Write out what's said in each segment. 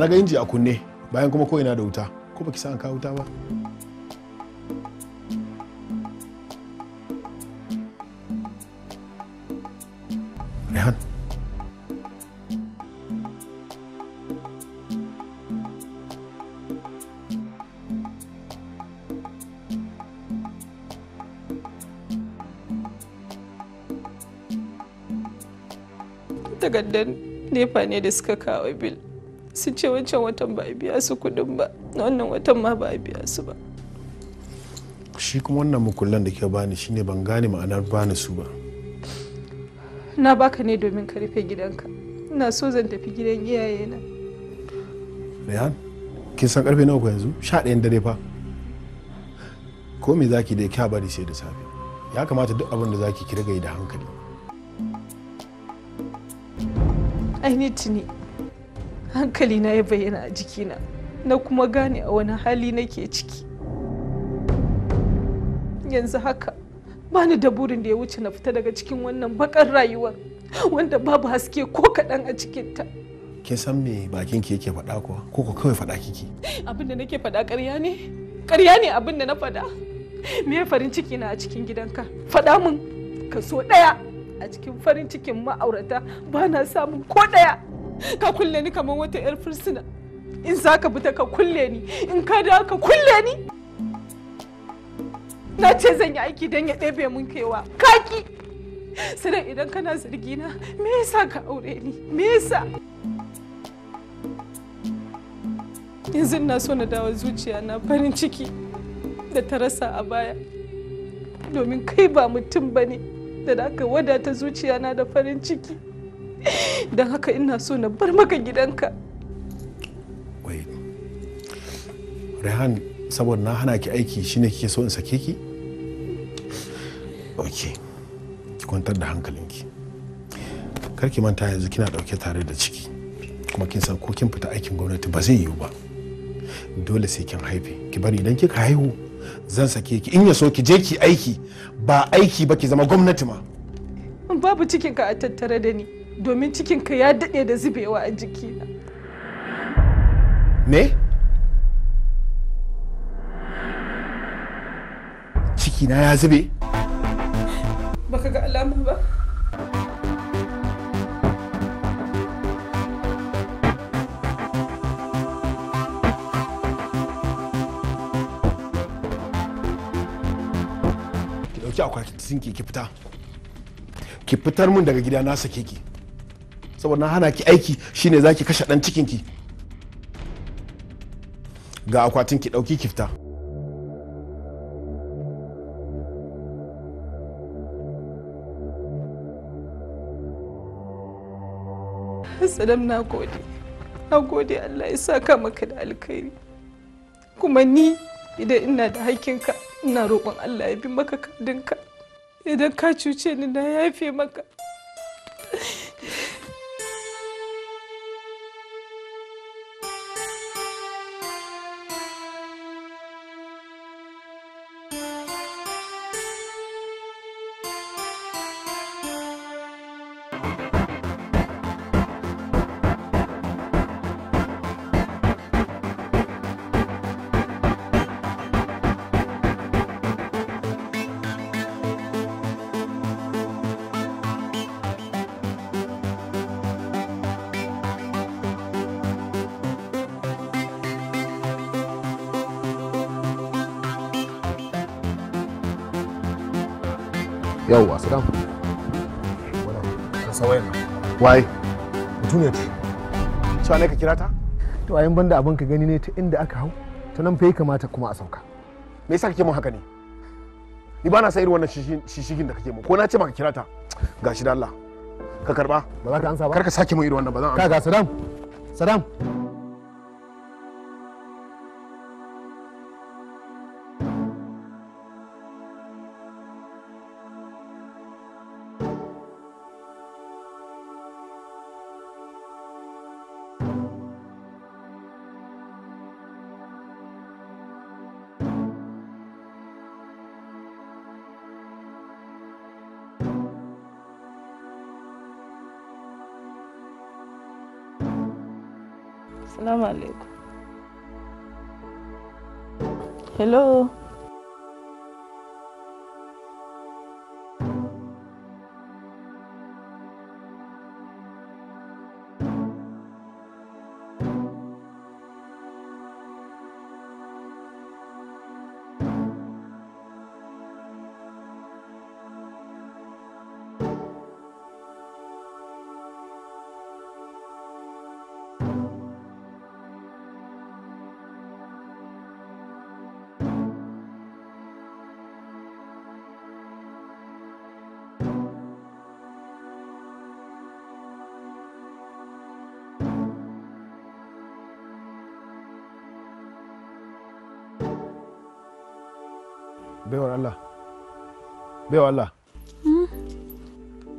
ya raga inji a kunne bayan kuma ko da wuta ko baki san an kawo wuta ba Rehan nefa ne da suka kawo bil su ce wancan watan ba a biya su kuɗin ba wannan watan ma ba a biya su ba shi kuma wannan mukullan da ke bani shine ban gane ma'anar bani su ba na baka ne domin ka rufe gidanka ina so zan tafi gidan iyayena rehan kin san karfe nawa yanzu sha ɗayan dare fa ko me zaki da kya bari sai da safe ya kamata duk abin da zaki ki da hankali i need to hankali na ya bayyana a jikina na kuma gane a wani hali nake ciki yanzu haka ni da burin da ya wuce na fita daga cikin wannan bakar rayuwar wanda babu haske ko kaɗan a cikinta kin san me bakin ki yake faɗa kuwa ko ko kawai faɗa kiki abin da nake faɗa ƙarya ne ƙarya ne abin da na faɗa me farin ciki na a cikin gidanka faɗa min kaso ɗaya a cikin farin cikin ma'aurata ba na samun ko ɗaya ka kulle ni kamar wata 'yar fursuna in za ka fita ka kulle ni in ka da ka kulle ni na ce zan yi aiki don ya ɗebe mun kaiwa kaki sanan idan kana zargina me yasa ka aure ni me yasa yanzu na so na dawo zuciya na farin ciki da ta rasa a baya domin kai ba mutum ba ne da aka wadata zuciya na da farin ciki don haka ina so na bar maka gidanka wai rehan saboda na hana ki aiki shine kike so in sake ki ok ki kwantar da hankalinki kar ki manta yanzu kina dauke tare da ciki kuma kin san ko kin fita aikin gwamnati ba zai yiwu ba dole sai kin haife ki bari idan kika haihu zan sake ki in ya so ki je ki aiki ba aiki ba ki zama gwamnati ma babu cikinka a tattare da ni domin cikinka ya daɗe da zubewa a jikina. Me? Cikina ya zube? Baka ga alama ba? Ki ɗauki akwatin ki fita. Ki fitar mun daga gida na sake ki. saboda hana ki aiki shine zaki kashe dan cikin ki ga akwatin ki dauki kifta Assalamu na gode, na gode Allah ya saka maka da alkhairi. Kuma ni idan ina da hakinka ina roƙon Allah ya bi maka kadinka. Idan ka cuce ni na yafe maka. Wai? Duniya ce. Cewa ne ka kira ta? To yin banda abin ka gani ne ta inda aka hau ta nan fai kamata kuma a sauka. Me yasa kake mun haka ne? Ni ba na san irin wannan shishigin da kake mun ko na ce maka kira ta. Gashi da Allah. Ka karba. Ba za ka ansa ba. Kar ka sake mun irin wannan ba zan ansa. ka ga Saddam. Saddam. bai Allah hmm?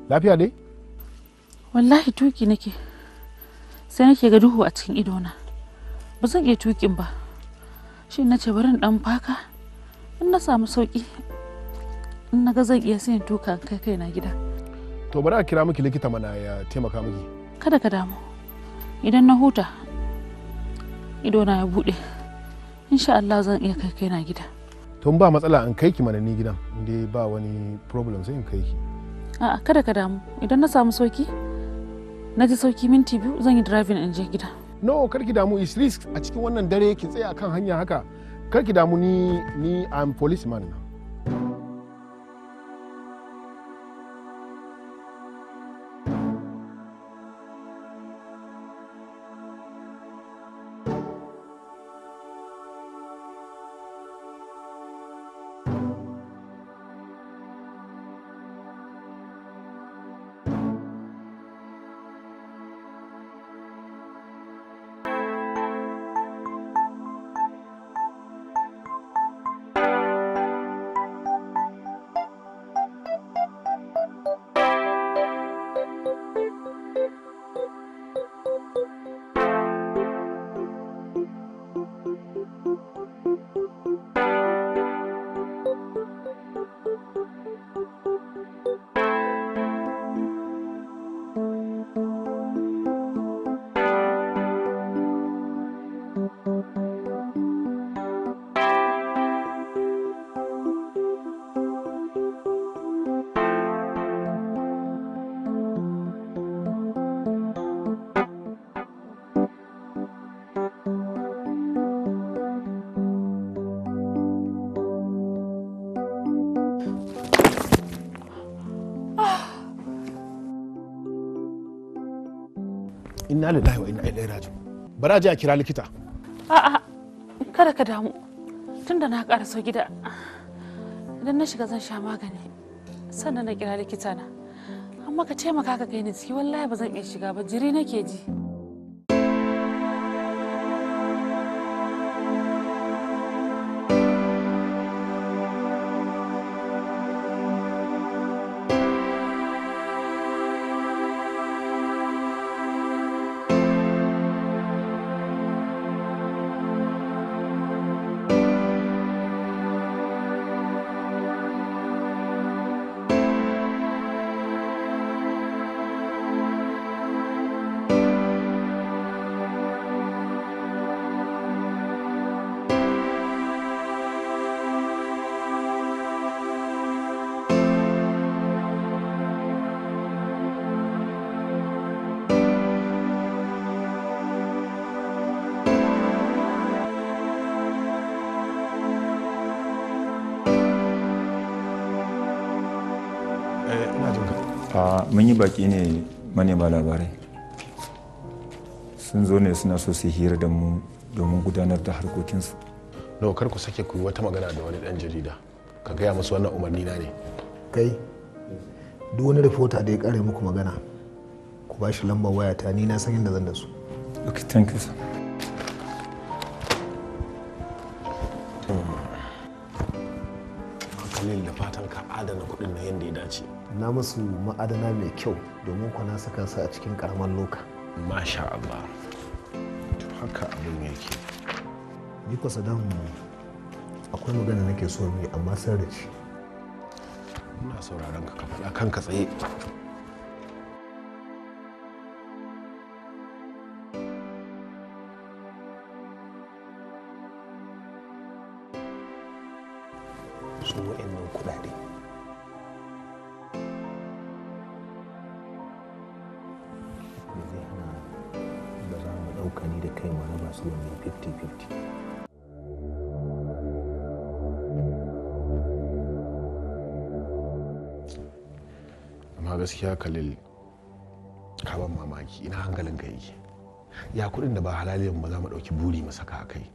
lafiya ne wallahi tuki nake sai nake ga duhu a cikin idona ba zan iya tukin ba shin na ce barin dan faka in na samu sauki in na ga zan iya sai tuka kai kai na gida to bari a kira miki likita mana ya taimaka miki kada ka damu idan na huta idona ya bude insha Allah zan iya kai kai na gida tun ba matsala in kai ki mana ni gidan inda ba wani problem sai in kai ki a'a kada ka damu idan na samu sauki na ji sauki minti biyu zan yi driving in je gida no kar ki damu is risk a cikin wannan dare ki tsaya akan hanya haka kar ki damu ni ni am policeman na inna lillahi wa inna ilaihi raji'un bara je a kira likita a'a kada ka damu tunda na ƙara gida idan na shiga zan sha magani sannan na kira likita na amma ka taimaka ka kai ni ciki wallahi ba zan iya shiga ba jiri nake ji mun yi baki ne manema labarai sun zo ne suna so su hira da mu domin gudanar da harkokinsu no kar ku sake ku yi wata magana da wani dan jarida ka gaya musu wannan umarni na ne kai duk wani rifota da ya kare muku magana ku ba shi lambar ta ni na san yadda zan da su okay thank you sir da fatan ka adana kuɗin na yadda ya dace na masu ma'adana mai kyau domin ku na saka su a cikin karamar loka masha Allah to haka abin yake ni ko sadan akwai magana nake so mu amma sai shi. ina sauraron ka ka faɗa kanka tsaye gaskiya kalil kaban mamaki ina hankalin ka yake ya kudin da ba halali ba za mu dauki buri mu saka a kai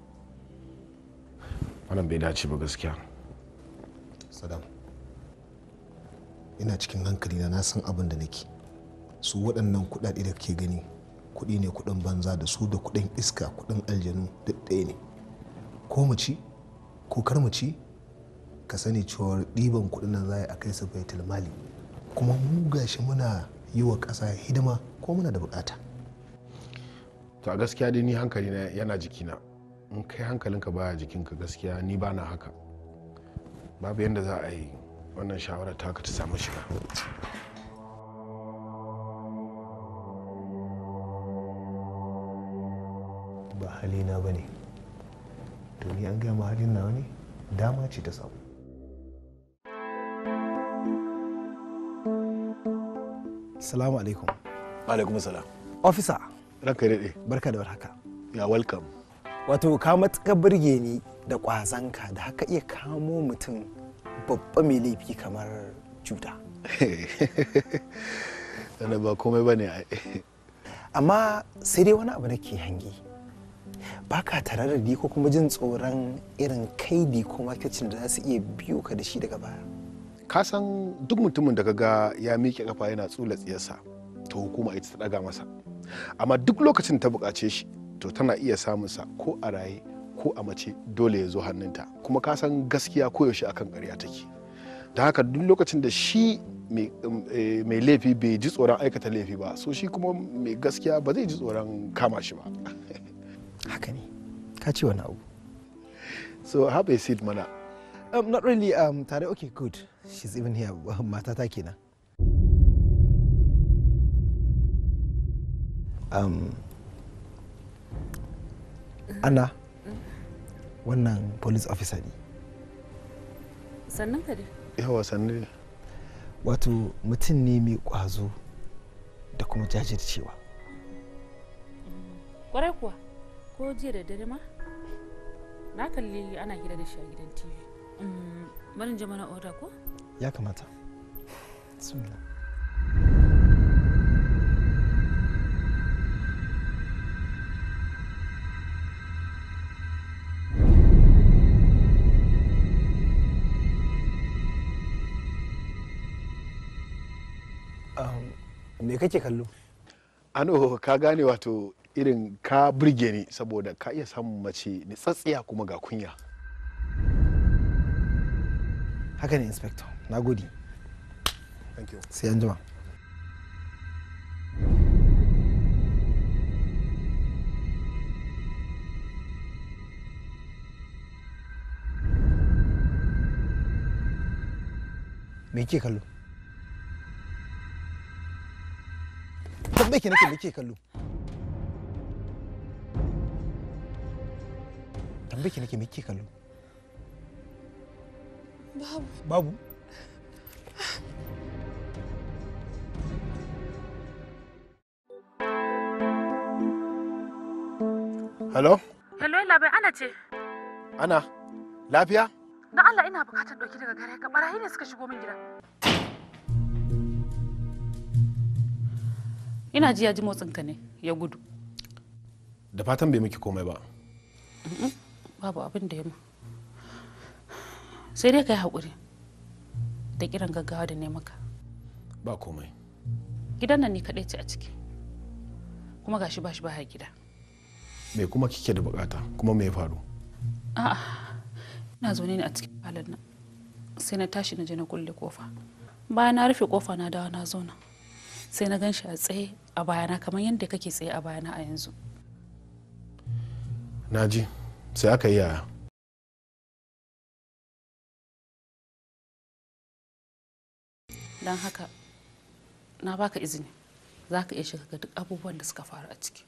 wannan bai dace ba gaskiya sadam ina cikin hankali na san abin da nake su waɗannan kuɗaɗe da kake gani kuɗi ne kuɗin banza da su da kuɗin iska kuɗin aljanu duk ɗaya ne ko mu ci ko kar mu ci ka sani cewa ɗiban kuɗin nan za a kai su baitul mali kuma mu shi muna yi wa ƙasa hidima ko muna da bukata to a gaskiya dai ni hankali na yana jikina in kai hankalinka baya jikinka gaskiya ni ba na haka babu yadda za a yi wannan shawara ta ta samu shiga ba halina ba ne ni an gaya ma halin wani dama ce ta samu Salamu alaikum. Alaikum salam. Raka Ranka daɗe. Barka da warhaka. Ya welcome. Wato ka matuka birge ni da ƙwazanka da haka iya kamo mutum babba mai laifi kamar cuta. Hehehehe. ba komai ba ne Amma sai dai wani abu ke hangi. Ba ka tare da ko kuma jin tsoron irin kaidi ko makicin da za su iya biyo ka da shi daga baya. ka san duk mutumin da ga ya miƙe kafa yana tsula tsiyarsa to hukuma ita ta daga masa amma duk lokacin ta buƙace shi to tana iya samun sa ko a raye ko a mace dole ya zo hannunta kuma ka san gaskiya koyaushe akan ƙarya take da haka duk lokacin da shi eh, mai laifi bai ji tsoron aikata laifi ba so shi kuma mai gaskiya ba zai ji tsoron kama shi ba haka ne ka ce wani abu so have seed mana Um, not really. Um, Tare, okay, good. She's even here. Matata kenan. Um, Anna, wannan police officer ne. Sannan ka dai? Yawa sannan dai. Wato mutum ne mai ƙwazo da kuma jajircewa. Kwarai kuwa, ko jiya da dare ma? Na kalli ana hira da shi a gidan TV. Mm, barin je mana ko ya kamata um, me kake kallo ano ka gane wato irin ka burge ni saboda ka iya samun mace nitsatsiya kuma ga kunya haka ne inspector na gudi sai an jima me ke kallo tambaye nake me ke kallo tambaye nake me ke kallo Babu. Babu? Hello? Hello, labai ana ce. Ana, lafiya? Da Allah ina bukatar ɗauki daga gare ka barayi ne suka shigo min gida. Ina ji ya ji ne, ya gudu. Da fatan bai miki komai ba. Babu abin da ya sai dai ka yi haƙuri da kiran gaggawa da ne maka ba komai gidan nan ne kaɗai ce a ciki kuma gashi ba shi ba gida me kuma kike da bukata kuma me ya faru a'a ina zaune ne a cikin falon nan sai na tashi na je na kulle kofa bayan na rufe kofa na dawo na zauna sai na ganshi a tsaye a bayana kamar yadda kake tsaye a bayana a yanzu na ji sai aka yi yaya don haka na baka izini za ka iya shiga ga duk abubuwan da suka faru a ciki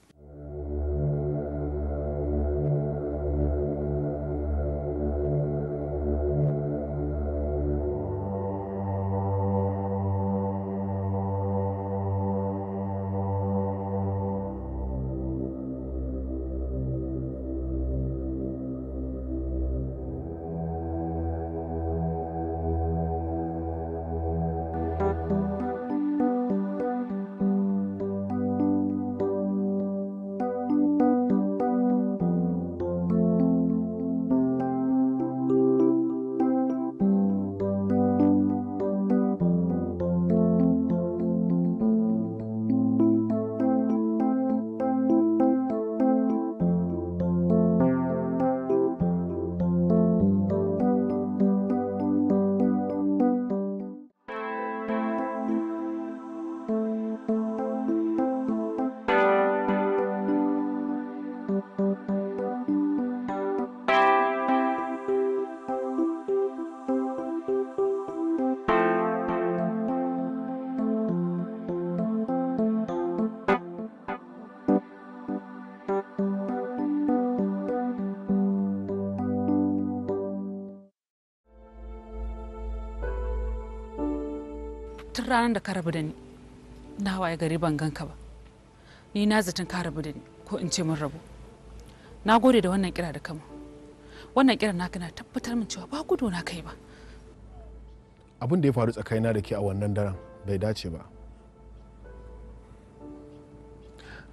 ranar da ka rabu da ni na waye gari ban ganka ba ni na zaton ka rabu da ni ko in ce mun rabu na gode da wannan kira da kama wannan kira naka na tabbatar min cewa ba gudu na kai ba abin da ya faru tsakanina da ke a wannan daren bai dace ba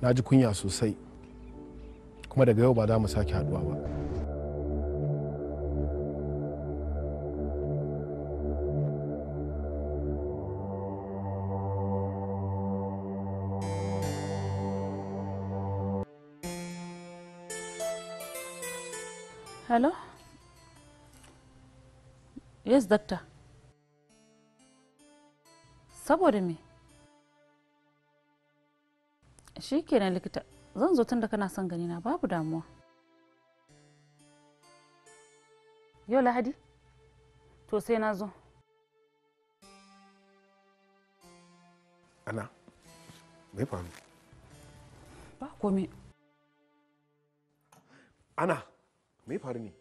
na ji kunya sosai kuma daga yau ba za mu sake haduwa ba yes doctor saboda me shi kenan likita zan zo tun da kana son ganina babu damuwa yau lahadi to sai na zo ana me faru ba komai ana mai faru ne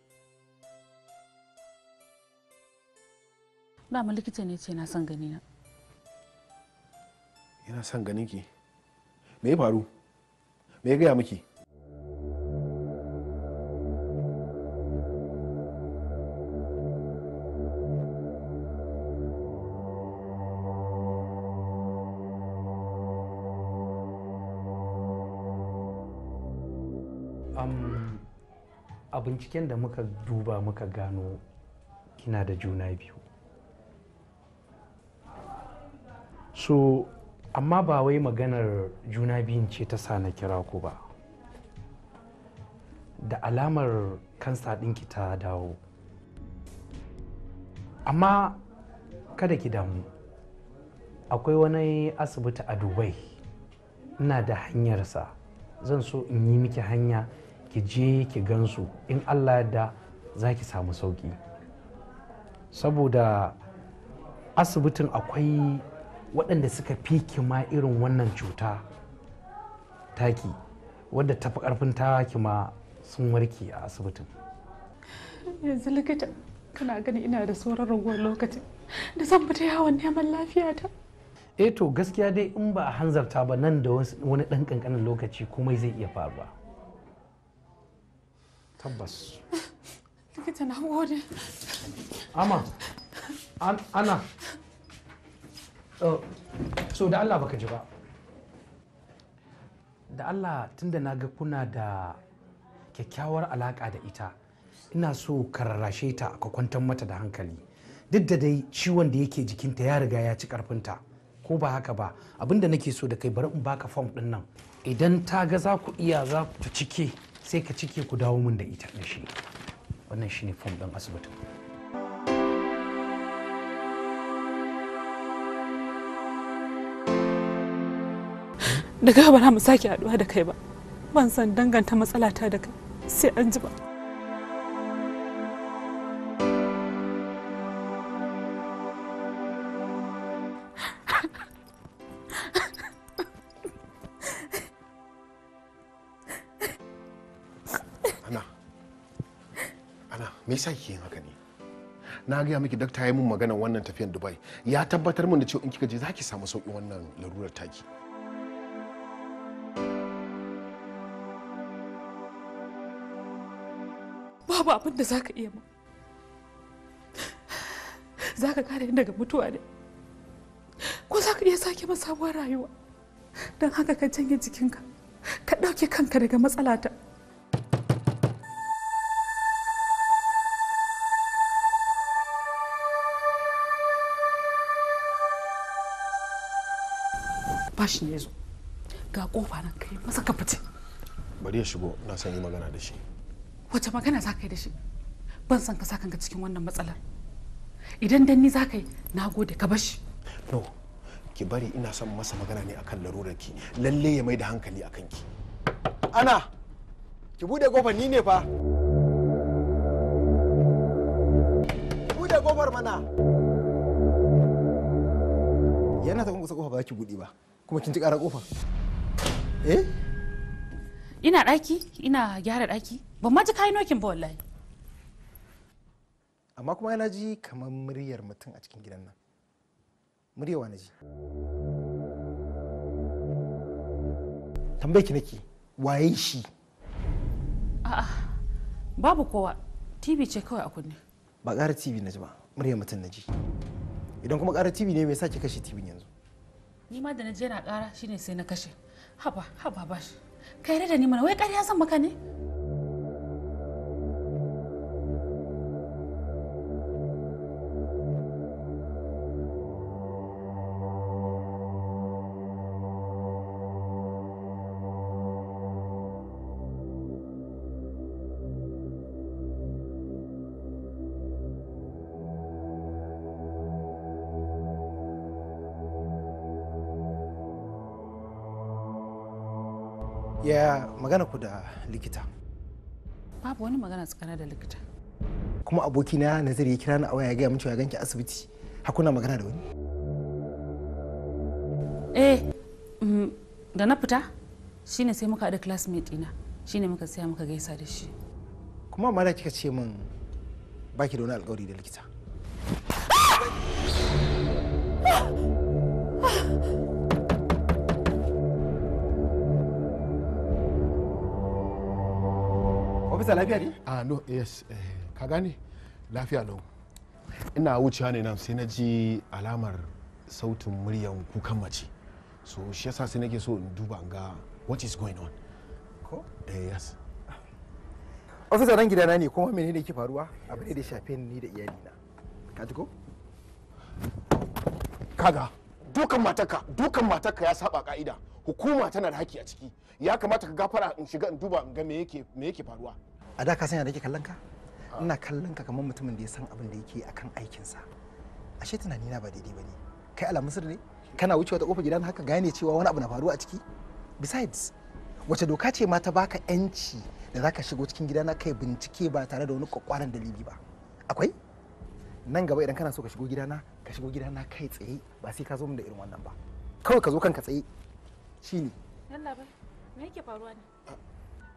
dama likita ne ce na son gani na yana son ganin ki me ya faru me ya gaya miki a binciken da muka duba muka gano kina da juna biyu so amma ba wai maganar juna biyun ce ta sa na kira ku ba da alamar kansa ɗinki ta dawo amma kada ki damu akwai wani asibiti a dubai ina da hanyarsa zan so in yi miki hanya ki je ki gansu in allah da za ki samu sauki saboda asibitin akwai waɗanda suka fi kima irin wannan cuta taki wadda tafi ƙarfin ta kima sun warke a asibitin yanzu likita kana gani ina da sauran raguwar lokacin da zan fita yawon neman lafiyata eh to gaskiya dai in ba a hanzarta ba nan da wani ɗan ƙanƙanin lokaci komai zai iya faruwa tabbas likita na gode ama ana Oh. so da Allah baka ji ba da Allah tunda na ga kuna da kyakkyawar alaka da ita ina so ka rarrashe ta ka kwantar mata da hankali duk da dai ciwon da yake jikinta ya riga ya ci karfinta ko ba haka ba abinda nake so da kai bari in baka fom din nan idan ta ga za ku iya za ku cike sai ka cike ku dawo min da ita da shi wannan shine fom din asibitin daga ba mu sake haduwa da kai ba ban san danganta matsalata da kai sai an ji ba me yasa kike haka ne na gaya miki dakta ya yi mun magana wannan tafiyar dubai ya tabbatar min da cewa in kika je za ki samu sauƙin wannan larurar taki babu abin da za iya ma za ka kare daga mutuwa ne ko za iya sake min sabuwar rayuwa don haka ka janye jikinka ka ɗauke kanka daga matsalata bashi ne zo ga kofa nan kai masa ka fice bari ya shigo na son yi magana da shi wace magana za ka yi da shi ban san ka sakan ka cikin wannan matsalar idan dan ni za ka yi na gode ka bashi no ki bari ina son masa magana ne akan larurar ki lalle ya mai da hankali akan ki ana ki bude kofar ni ne fa ki bude kofar mana yana ta kusa kofa ba ki bude ba kuma kin ji kara kofa eh ina daki ina gyara daki. ba ma ji kayi nokin ba wallahi amma kuma yana ji kamar muryar mutum a cikin gidan nan muryawa na ji tambayki nake waye shi a'a babu kowa tv ce kawai a kunne ba ƙara tv na ji ba muryar mutum na ji idan kuma ƙara tv ne me sa ki kashe tv yanzu ni ma da na je na ƙara shine sai na kashe haba haba bashi kai da ni mana wai ƙarya zan maka ne ya magana ku da likita babu wani magana tsakanin da likita kuma na nazari ya kira ni a waya ya gaya min cewa ya ganki asibiti hakuna magana da wani eh mm, da na fita shine sai muka da classmate ɗina shine muka saya muka gaisa da shi kuma amma da kika ce min baki da wani alkawari da likita ofisa lafiya ne ah no yes eh, ka gane lafiya lau ina wucewa ne nan sai na ji alamar sautin muryan kukan mace so shi yasa sai nake so in duba ga what is going on ko eh yes ofisa ran gidana ne kuma menene yake faruwa abu ne da shafe ni da na. ka ji ko kaga dukan matarka dukan matarka ya saba ka'ida hukuma tana da haƙƙi a ciki ya kamata ka gafara in shiga in duba in ga me yake me yake faruwa a da ka san da ke kallon ka ina kallon ka kamar mutumin da ya san abin da yake akan aikinsa ashe tunani na ba daidai ba ne kai ala ne kana wucewa ta kofar gidan haka gane cewa wani abu na faruwa a ciki besides wace doka ce ma ta baka yanci da zaka shigo cikin gidana kai bincike ba tare da wani kwakwaran dalili ba akwai nan gaba idan kana so ka shigo gidana ka shigo gidana kai tsaye ba sai ka zo min da irin wannan ba kawai ka zo kanka tsaye shine yalla ba me yake faruwa ne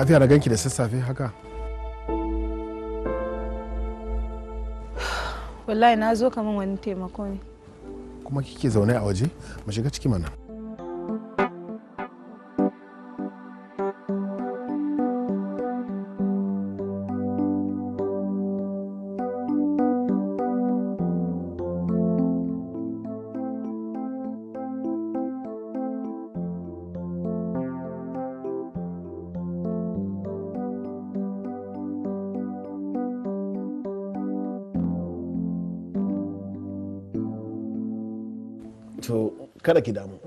lafiya na ganki da sassafe haka wallahi na zo kamar wani taimako ne kuma kike zaune a waje mu shiga ciki mana kada ki damu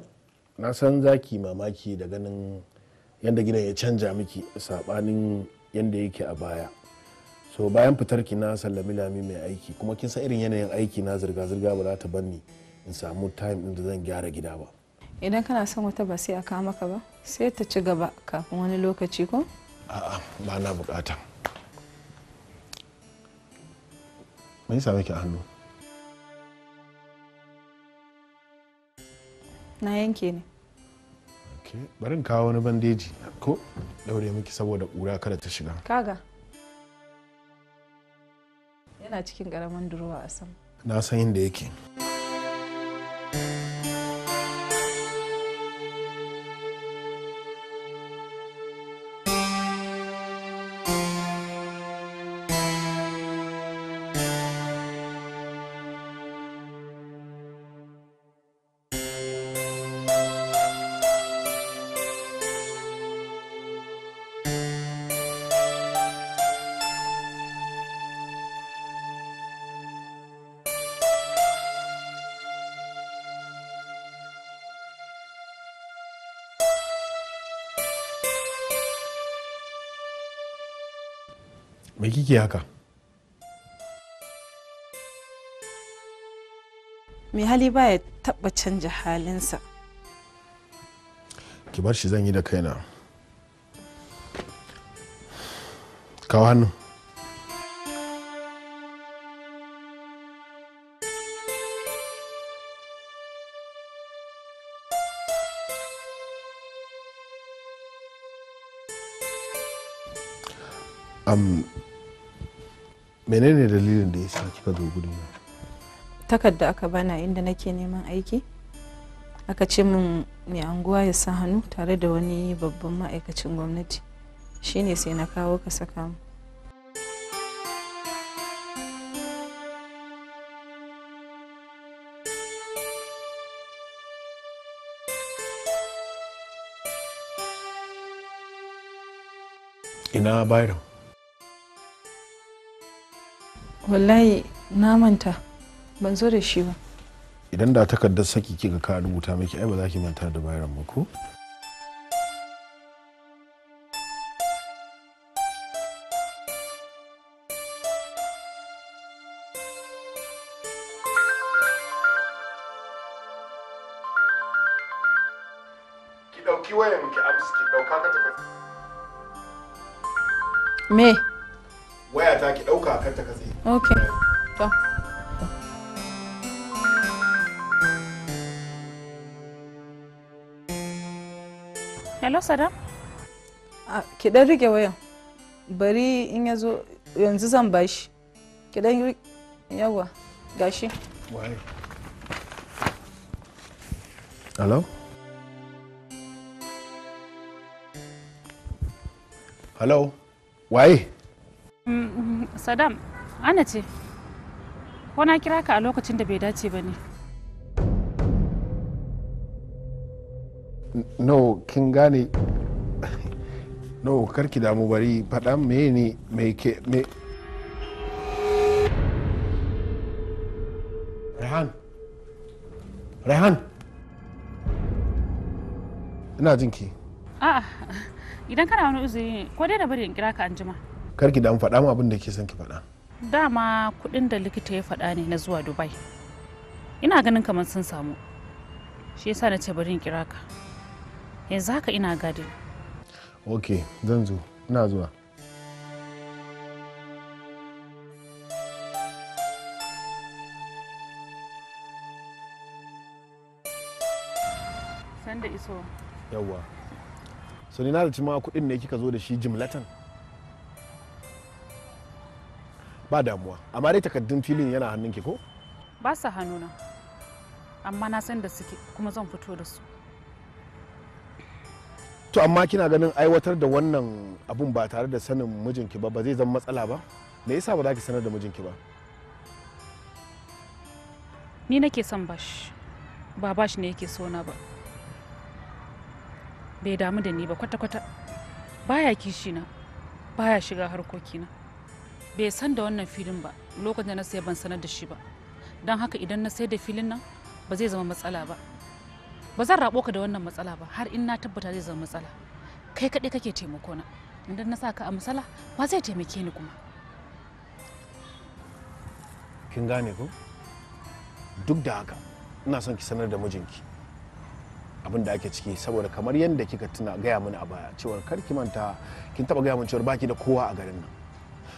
na san za ki mamaki da ganin yadda gidan ya canja miki sabanin yadda yake a baya so bayan fitar ki na sallami lami mai aiki kuma kin san irin yanayin aiki na zirga-zirga ba za ta banni in samu time din da zan gyara gida ba idan kana son wata ba sai a kawo maka ba sai ta ci gaba kafin wani lokaci ko a'a ba na bukata me yasa ki a hannu na yanke ne barin kawo wani bandeji ko daure miki saboda ƙura kada ta shiga kaga yana cikin ƙaramin durowa a sama na san inda yake kike haka mai hali baya taba canja halinsa ki bar shi zan yi da kaina kawo hannu um, menene dalilin da ya sa kika zo takarda aka bana inda nake neman aiki aka ce min mai anguwa ya sa hannu tare da wani babban ma'aikacin gwamnati shine sai na kawo ka saka mu ina bayram wallahi na manta ban zo da shi ba idan da takardar saki kika ka rubuta miki ai ba za ki manta da bayaran ba ko sadam ki dan rike wayan bari in ya zo yanzu zan bashi ki dan yawa gashi waye hello hello waye mm-hmm, sadam ana ce ko na kira ka a lokacin da bai dace ba ne no kin gane no karki damu bari fada me ne me ke me rehan rehan ina jinki a'a idan kana wani uzuri ko dai da bari in kira ka anjima karki damu faɗa mu abin da ke son ki faɗa dama kuɗin da likita ya faɗa ne na zuwa dubai ina ganin kamar sun samu shi yasa na ce bari in kira ka yanzu haka ina gadi ok zan zo ina zuwa sanda iso yawwa so ni na da cima kudin ne kika zo da shi jimlatan ba damuwa amma dai takaddun filin yana hannun ki ko ba su hannuna amma na san da suke kuma zan fito da su to amma kina ganin aiwatar da wannan abun ba tare da sanin mijinki ba ba zai zama matsala ba me yasa ba za ki sanar da mijinki ba ni nake son bashi ba bashi ne yake so na ba bai damu da ni ba kwata-kwata baya kishi na baya shiga harkokina bai san da wannan filin ba lokacin da na sai ban sanar da shi ba don haka idan na sai da filin nan ba zai zama matsala ba ba zan rabo ka da wannan matsala ba har in na tabbata zai zama matsala kai kaɗai kake taimako na idan na sa ka a matsala ba zai taimake ni kuma kin gane ko duk da haka ina son ki sanar da mijinki abin da ake ciki saboda kamar yadda kika tuna gaya mini a baya cewar kar ki manta kin taba gaya min cewar baki da kowa a garin nan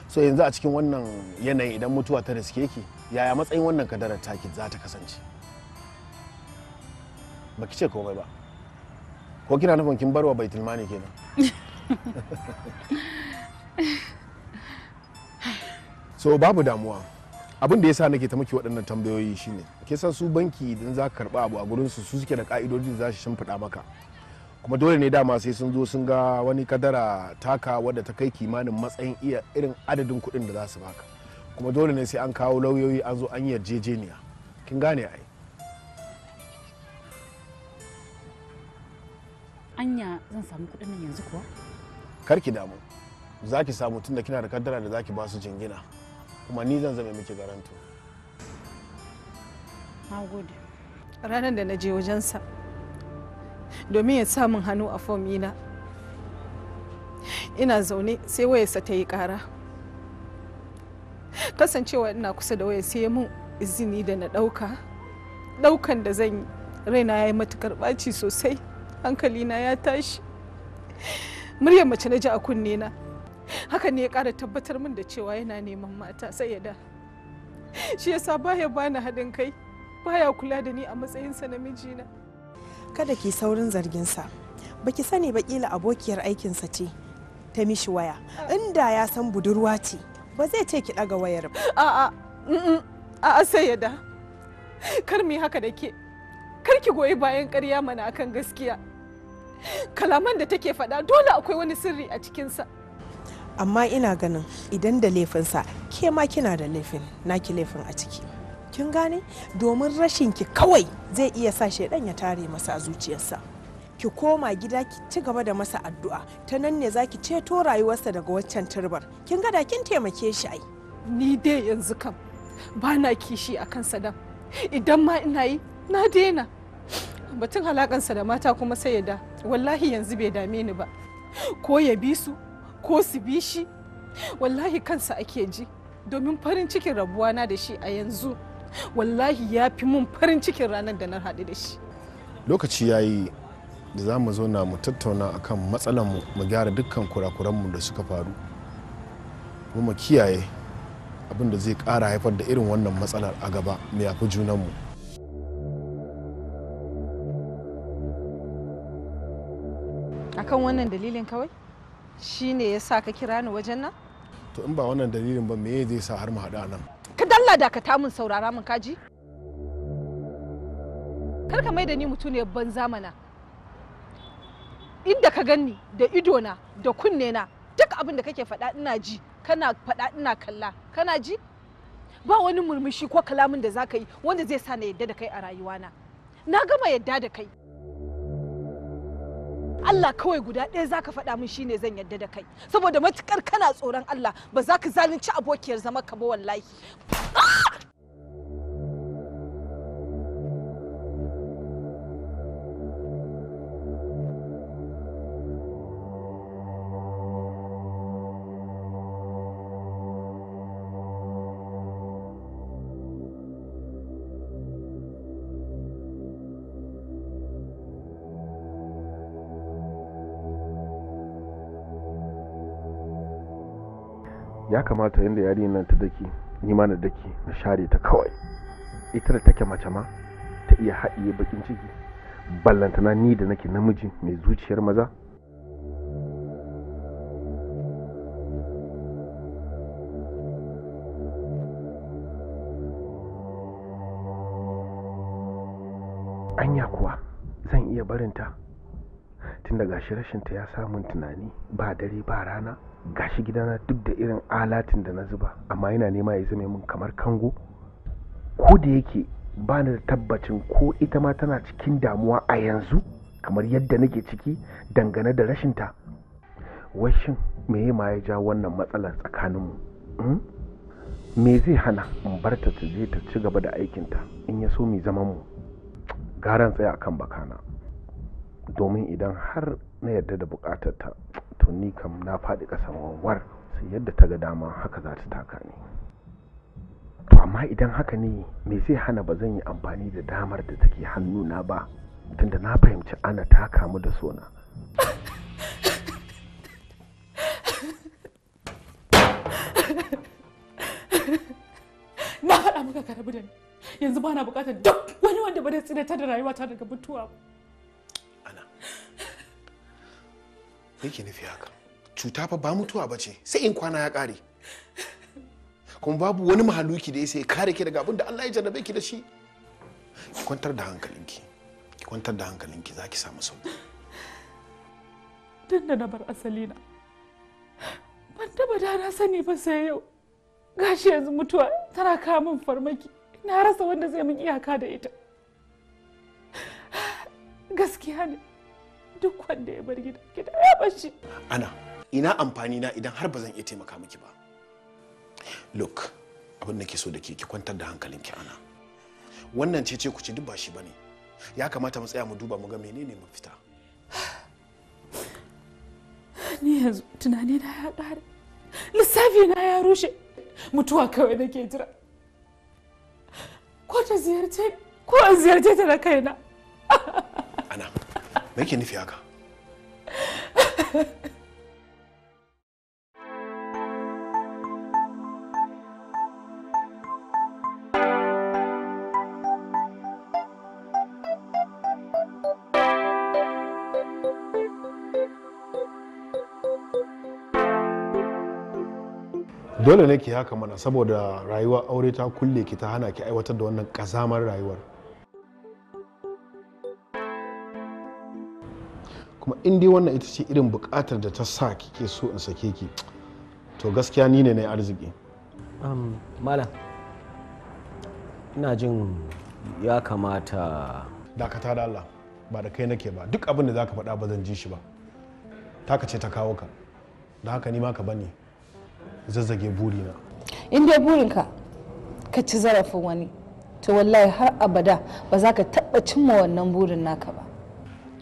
so yanzu a cikin wannan yanayi idan mutuwa ta riske ki yaya matsayin wannan kadarar taki za ta kasance baki ce komai ba ko kina nufin kin barwa baitul mali kenan so babu damuwa abin da yasa nake ta miki waɗannan tambayoyi shine ke san su banki idan za ka karba abu a gurin su su suke da ka'idodi za su shimfiɗa maka kuma dole ne dama sai sun zo sun ga wani kadara taka wadda ta kai kimanin matsayin iya irin adadin kuɗin da za su baka kuma dole ne sai an kawo lauyoyi an zo an yarjejeniya kin gane ai anya zan samu kudin nan yanzu kuwa kar ki damu za ki samu tunda kina da kaddara da za ki ba su jingina kuma ni zan zame miki garanto na gode ranar da na je wajensa domin ya samun hannu a fomina ina zaune sai wayarsa ta yi kara kasancewa ina kusa da wayar sai mun izini da na dauka daukan da zan yi raina ya yi matukar ɓaci sosai hankali na ya tashi muryar mace na ji a kunne na hakan ne ya kara tabbatar min da cewa yana neman mata sai ya da shi yasa baya bani haɗin kai baya kula da ni a matsayinsa na mijina kada ki saurin zarginsa baki sani ba kila abokiyar aikinsa ce ta mishi waya inda ya san budurwa ce ba zai ce ki ɗaga wayar ba a'a a'a sai ya da kar mu yi haka da ke kar ki goyi bayan ƙarya mana akan gaskiya kalaman da take faɗa dole akwai wani sirri a cikinsa amma ina ganin idan da laifinsa ke ma kina da laifin naki laifin a ciki kin gane domin rashin ki kawai zai iya sa shaidan ya tare masa zuciyarsa ki koma gida ki ci gaba da masa addu'a ta nan ne zaki ceto rayuwarsa daga waccan turbar kin gada kin taimake shi ai ni dai yanzu kam ba na kishi akan sadan idan ma ina yi na daina batun halakansa da mata kuma sai ya da wallahi yanzu bai dame ni ba ko ya bi su ko su bi shi wallahi kansa ake ji domin farin cikin rabuwa na da shi a yanzu wallahi ya fi mun farin cikin ranar da na haɗu da shi lokaci ya yi da za mu zo na mu tattauna a kan matsalar mu gyara dukkan mu da suka faru kuma mu kiyaye abin da zai ƙara haifar da irin wannan matsalar a gaba mu yafi junanmu kan wannan dalilin kawai shi ne ya sa ka kira ni wajen nan to in ba wannan dalilin ba me zai sa har mu haɗu a nan ka dalla da ka tamun saurara mun kaji kar ka mai da ni mutune ban zamana inda ka ganni da idona da kunne na duk abin da kake faɗa ina ji kana faɗa ina kalla kana ji ba wani murmushi ko kalamin da za ka yi wanda zai sa na yadda da kai a rayuwana na gama yadda da kai Allah kawai guda ɗaya zaka faɗa min shine zan yadda da kai saboda matukar kana tsoron Allah ba za ka zalunci abokiyar zama ka ba wallahi ah! ya kamata yadda yarinyar nan ta daki ni ma na daki na share ta kawai ita da take mace ma ta iya haɗiye bakin ciki ballantana ni da nake namiji mai zuciyar maza anya kuwa zan iya barinta da gashi rashinta ya samun tunani ba dare ba rana gashi gidana duk da irin alatin da na zuba amma yana nema ya zame min kamar kango ko da yake ba ni da tabbacin ko ita ma tana cikin damuwa a yanzu kamar yadda nake ciki dangane da rashinta wai shin me ma ya ja wannan matsalar tsakaninmu hmm? me zai hana in bar ta je ta ci gaba da aikinta in ya so mai zama mu garan tsaya akan bakana domin idan har na yarda da bukatar ta to kam na faɗi ƙasan wanwar sai yadda ta ga dama haka za ta taka ni to amma idan haka ne me zai hana ba zan yi amfani da damar da take hannu na ba tunda na fahimci ana ta kamu da sona na haɗa maka ka da ni yanzu ba na bukatar duk wani wanda ba zai tsira ta da rayuwa ta daga mutuwa ba me ke nufi haka cuta fa ba mutuwa ba ce sai in kwana ya kare kuma babu wani mahaluki da ya sai kare ki daga abin da Allah ya jarrabe ki da shi ki kwantar da hankalinki ki kwantar da hankalinki za ki samu sauki tun na bar asali na ban taba da na sani ba sai yau gashi yanzu mutuwa tana kawo min farmaki na rasa wanda zai min iyaka da ita gaskiya ne duk wanda ya bar gida gida ya bar shi ana ina amfani na idan har ba zan iya taimaka miki ba look abin da ke so da ke ki kwantar da hankalin ki ana wannan ce ce ku ci duk ba shi bane ya kamata mu tsaya mu duba mu ga menene mafita ni yanzu tunani na ya ƙare lissafi na ya rushe mutuwa kawai nake jira ko ta ziyarce ko ziyarce ta da kaina me yake nufi haka dole ne ki haka mana saboda rayuwa aure ta kulle ki ta hana ki aiwatar da wannan kazamar rayuwar in dai wannan ita ce irin buƙatar da ta sa kike so in sake ki to gaskiya ni ne na arziki malam ina jin ya kamata dakata da Allah ba da kai nake ba duk abin da za ka faɗa ba zan ji shi ba taka ce ta kawo ka da haka ni ma ka bani zazzage burina in dai burinka ka ci zarafin wani to wallahi har abada ba za ka taɓa cimma wannan burin naka ba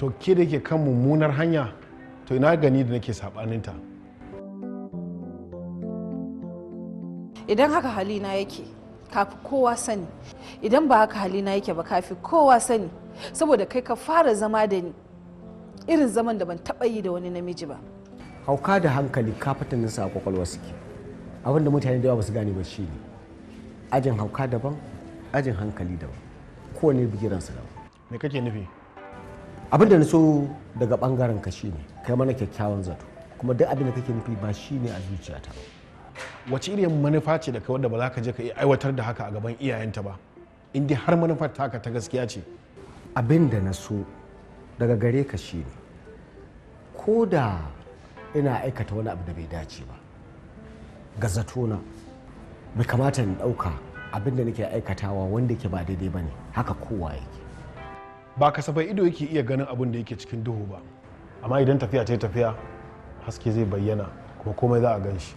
to ke da ke kan mummunar hanya to ina gani da nake saɓaninta idan haka halina yake kafi kowa sani idan ba haka halina yake ba kafi kowa sani saboda kai ka fara zama da ni irin zaman da ban taba yi da wani namiji ba hauka da hankali ka kafatanin sa a kwakwalwa suke da mutane da yawa ba su gane ba shi ne ajin hauka daban ajin hankali daban kowane bigiransa daban me kake nufi abin da na so daga bangaren ka ne, kai mana kyakkyawan zato kuma duk abin da kake nufi ba shi ne a zuciyata wace irin manufa ce da kai wanda ba za ka je ka aiwatar da haka a gaban iyayenta ba in dai har manufar taka ta gaskiya ce abin da na so daga gare ka shine ko da ina aikata wani abu da bai dace ba ga zatona bai kamata in ɗauka abin da nake aikatawa wanda ke ba daidai ba ne haka kowa yake ba kasafai ido yake iya ganin abin da yake cikin duhu ba amma idan tafiya ta yi tafiya haske zai bayyana kuma komai za a gan shi.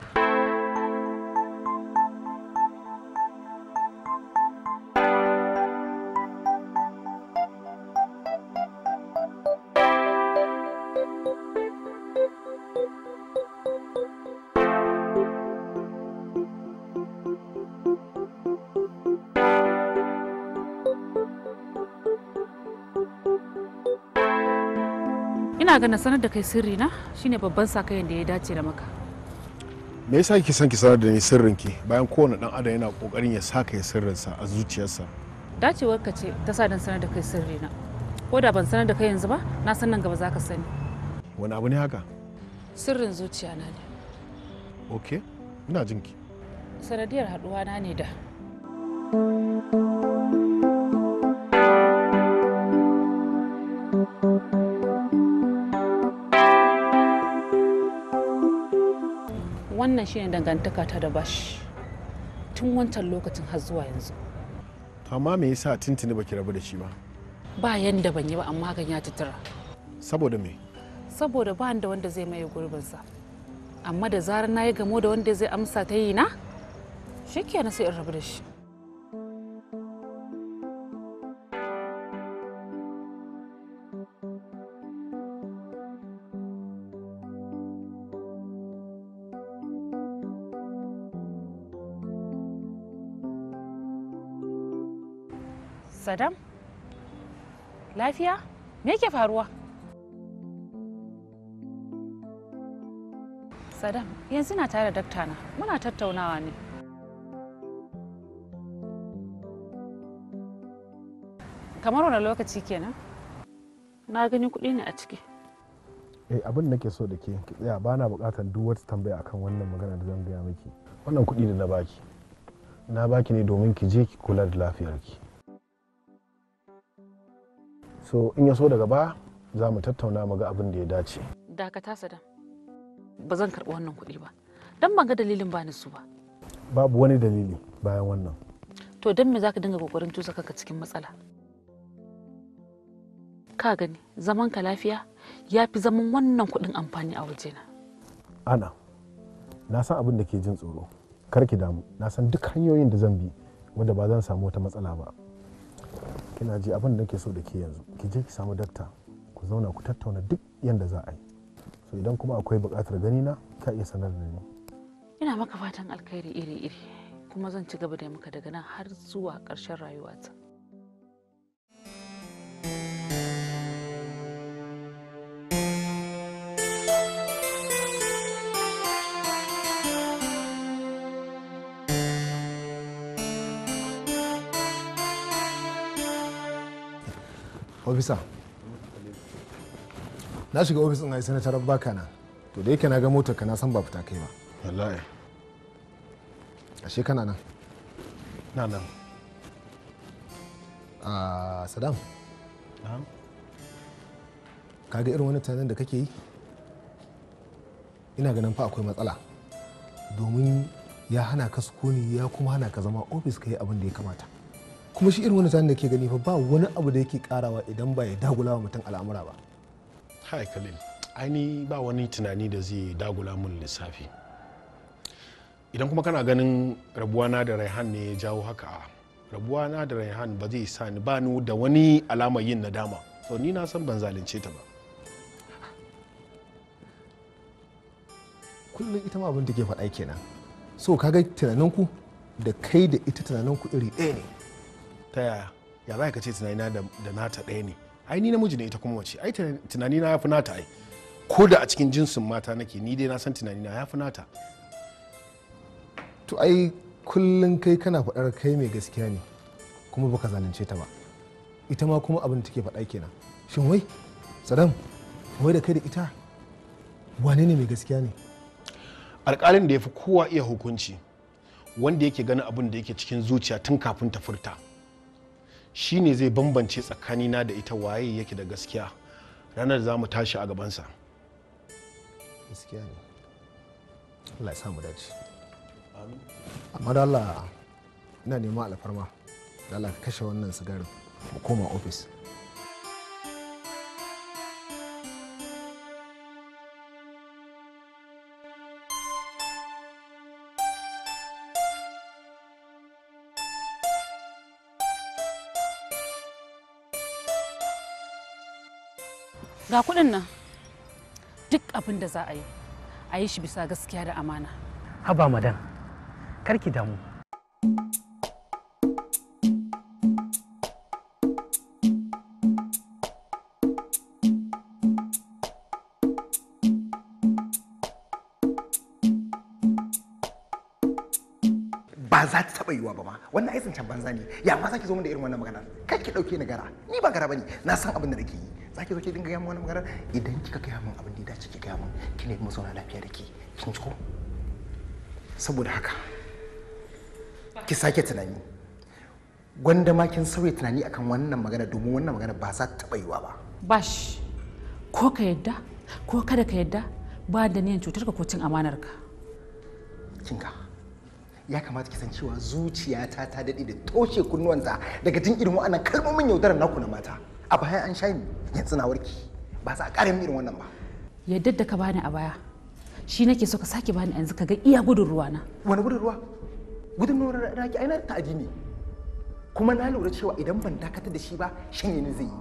ina ganin sanar da kai sirri na shine babban sakayen da ya dace da maka me yasa kike son ki sanar da ni sirrin ki bayan kowane dan adam yana kokarin ya saka ya sirrinsa a zuciyarsa dacewar ka ce ta sa dan sanar da kai sirri na ko da ban sanar da kai yanzu ba na san nan gaba zaka sani wani abu ne haka sirrin zuciya na ne okay ina jin ki sanadiyar haduwa na ne da thank you wannan shine dangantaka ta da bashi tun wancan lokacin har zuwa yanzu amma me yasa tuntuni baki rabu da shi ba ba yanda ban yi ba amma hakan ya tattara saboda me saboda ba da wanda zai maye gurbinsa amma da zarar na yi gamo da wanda zai amsa ta yi na kenan sai in rabu da shi Saddam? Lafiya? Me yake faruwa? Saddam, yanzu na tare da daktana. Muna tattaunawa ne. Kamar wani lokaci kenan? Na gani kuɗi ne a ciki. Eh abin nake so da ke ki tsaya ba na buƙatar duk wata tambaya akan wannan magana da zan gaya miki. Wannan kuɗi ne na baki. Na baki ne domin ki je ki kula da lafiyarki. so in ya so daga ba za mu tattauna mu ga abin da ya dace dakata sadam ba zan karɓi wannan kuɗi ba dan ban ga dalilin ba su ba babu wani dalili bayan wannan to don me za ka dinga kokarin tusa kanka cikin matsala ka gani zaman ka lafiya ya fi zaman wannan kuɗin amfani a wajena ana na san abin da ke jin tsoro kar ki damu na san duk hanyoyin da zan bi wanda ba zan samu wata matsala ba kina ji abin da nake so da ke yanzu ki je ki samu dakta ku zauna ku tattauna duk yanda za a yi so idan kuma akwai buƙatar gani na ka iya sanar da ni ina maka fatan alkhairi iri-iri kuma zan ci gaba da maka daga nan har zuwa ƙarshen rayuwata ofisa na shiga ofis ɗin sai na tarar baka na to da yake na ga motar ka na san ba fita kai ba wallahi ashe kana nan na nan a ah, sadam ka ga irin wani tunanin da kake yi ina ganin fa akwai matsala domin ya hana ka sukuni ya kuma hana ka zama ofis ka yi abin da ya kamata kuma shi irin wani tsarin da ke gani fa ba wani abu da yake karawa idan ba ya dagula wa mutum al'amura ba hai khalil aini ba wani tunani da zai dagula mun lissafi idan kuma kana ganin rabuwana da raihan ne ya jawo haka a rabuwana da raihan ba zai sa ni ba ni da wani alama yin nadama to ni na san ban zalunce ta ba kullum ita ma abin da ke faɗa kenan so ga tunaninku da kai da ita tunaninku iri ɗaya ne ta yaya ya za ka ce tunanina da nata ɗaya ne ai ni namiji ne ita kuma mace ai tunanina ya fi nata ai ko da a cikin jinsin mata nake ni dai na san tunanina ya fi nata to ai kullum kai kana faɗar kai mai gaskiya ne kuma baka zalunce ta ba ita ma kuma abin da take faɗa kenan shin wai sadam wai da kai da ita wane ne mai gaskiya ne alƙalin da ya fi kowa iya hukunci wanda yake ganin abin da yake cikin zuciya tun kafin ta furta shi ne zai bambance tsakanina da ita waye yake da gaskiya ranar za mu tashi a gabansa gaskiya ne allah ya samu dace amma da allah ina neman alfarma da allah ka kashe wannan sigarin mu koma ofis ga kuɗin nan duk abin da za a yi a yi shi bisa gaskiya da amana haba madan karki damu ba za ta taɓa yiwa ba ma wannan aizin can banza ne ya ma za ki zo min da irin wannan magana kai ki dauke ni gara ni ba gara bane na san abin da nake yi za ki zo ki dinga gaya wani magana idan kika kai min abin da ya dace ki gaya min ki ne mazauna lafiya da ki kin ji ko saboda haka ki sake tunani gwanda ma kin sauya tunani akan wannan magana domin wannan magana ba za ta taɓa yiwa ba bash ko ka yadda ko kada ka yadda ba da niyan cutar ka ko cin amanar ka kinga ya kamata ki san cewa zuciyata ta daɗe da toshe kunnuwanta daga jin irin wa'annan kalmomin yaudarar naku na mata a baya an sha ni yanzu na warki ba za a ƙara irin wannan ba yadda da ka bani a baya shi nake so ka sake bani yanzu ka ga iya gudun ruwa na wani gudun ruwa gudun ruwa raki ai ta ne kuma na lura cewa idan ban dakatar da shi ba shanye ni zai yi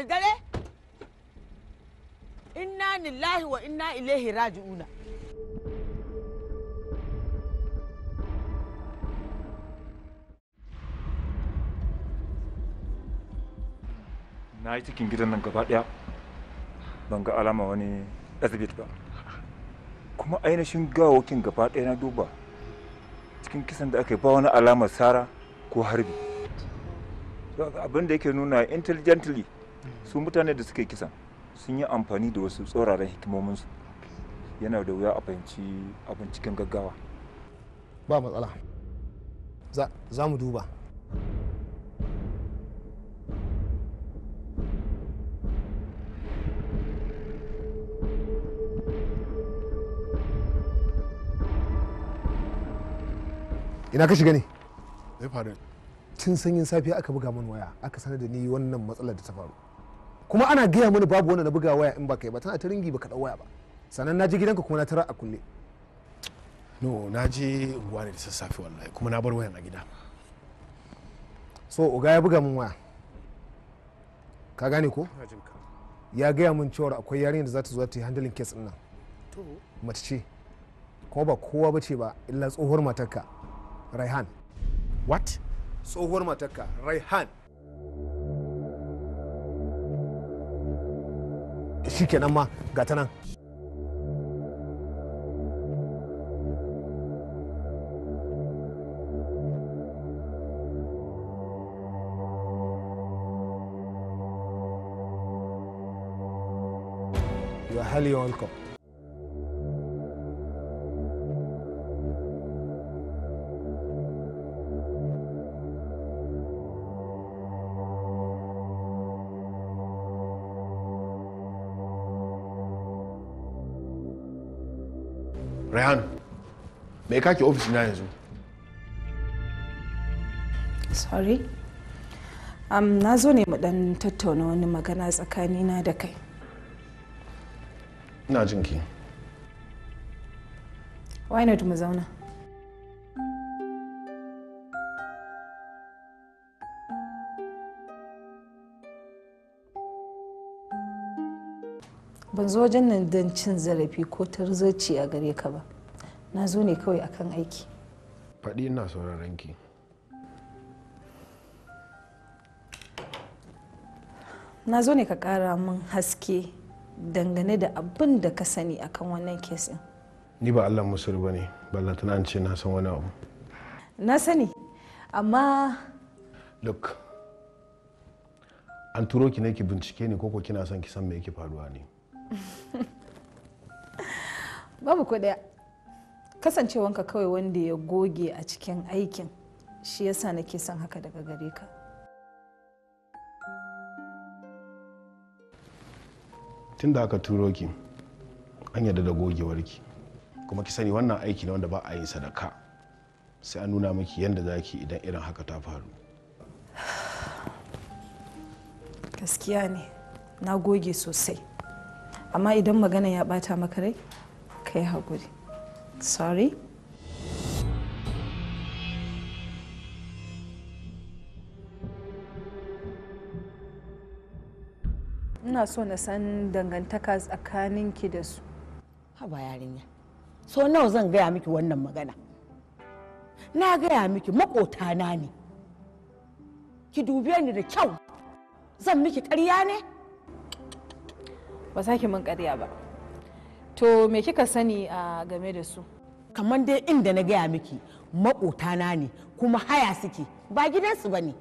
dare inna lillahi wa inna ilaihi raji'una na yi cikin gidan nan gaba daya ban ga alama wani azibit ba kuma ainihin gawakin gaba daya na duba cikin kisan da aka yi ba wani alamar sara ko harbi abin da yake nuna intelligently su mutane da suka yi kisan sun yi amfani da wasu tsoraren hikimominsu yana da wuya a fahimci abin cikin gaggawa ba matsala za mu duba ina ka shiga ne faru tun sanyin safiya aka buga min waya aka sanar da ni wannan matsalar da ta faru kuma ana gaya mani babu wanda na buga waya in ba kai ba tana ta ringi baka dau waya ba sannan na je gidanka kuma na tara a kulle no na je unguwa ne da sassafe wallahi kuma na bar wayan a gida so uga ya buga min waya ka gane ko ya gaya min cewa akwai yarinya da za ta zo ta yi handling case din nan mace ce kuma ba kowa ba ce ba illa tsohuwar matarka raihan what tsohuwar matarka raihan shikenan ma ga ta nan You are highly welcome. kake ofis na yanzu sorry um, na zo ne mu dan tattauna wani magana tsakanina da kai ina jin ki why not mu zauna ban zo wajen nan don cin zarafi ko tarzaci a gare ka ba na zo ne kawai akan aiki faɗi ina sauraron ki na zo ne ka ƙara min haske dangane da abin da ka sani akan wannan kesin ni ba allah musul ba ne ballatana an ce na san wani abu na sani amma look an turo ki ne ki bincike ne koko kina son ki san me yake faruwa ne babu kuɗaya. kasancewanka kawai wanda ya goge a cikin aikin shi yasa nake son haka daga gare ka tun da aka turo ki an yarda da gogewarki kuma ki sani wannan aiki ne wanda ba a yin sadaka sai an nuna miki yadda za ki idan irin haka ta faru gaskiya ne na goge sosai amma idan magana ya bata maka rai ka yi haƙuri Sorry? ina so na san dangantaka tsakaninki da su haba yarinya so nawa zan gaya miki wannan magana na gaya miki makotana ne ki dube ni da kyau zan miki ƙarya ne ba sake min ƙarya ba to me kika sani a game da su kamar dai inda na gaya miki maƙotana ne kuma haya suke ba gidansu ba ne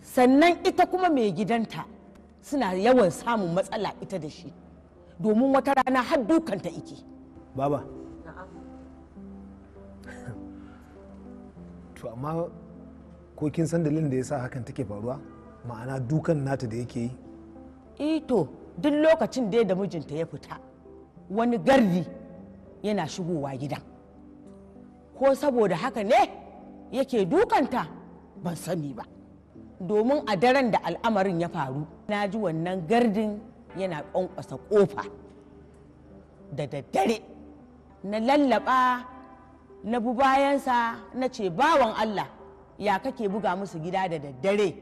sannan ita kuma mai gidanta suna yawan samun matsala ita da shi domin wata rana har dukanta ike baba to amma ko kin san dalilin da ya sa hakan take faruwa ma'ana dukan nata da yake yi ito duk lokacin da da mijinta ya fita wani gardi yana shigowa gidan ko saboda haka ne yake dukanta ban sani ba domin a daren da al'amarin ya faru na ji wannan gardin yana ƙwanƙwasa ƙofa da daddare na lallaba na bu bayansa na ce bawan allah ya kake buga musu gida da daddare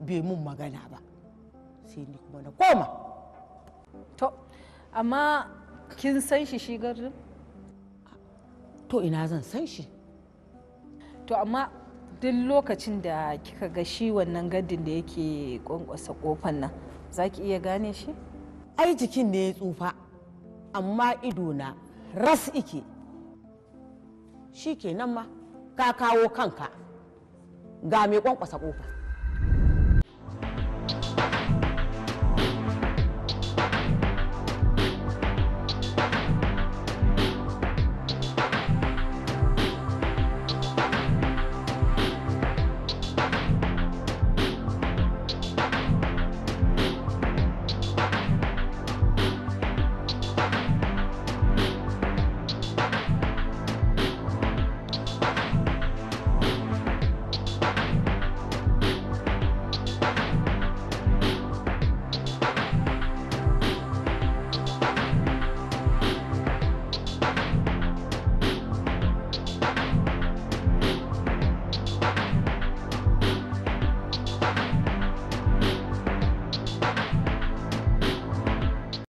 bai mun magana ba sai ni kuma na koma to amma kin san shi shi garin to ina zan san shi to amma duk lokacin da kika ga shi wannan gadin da yake kwankwasa kofan nan za ki iya gane shi ai jikin ne ya tsufa amma idona ras ike shi ke nan ma ka kawo kanka ga mai kwankwasa kofa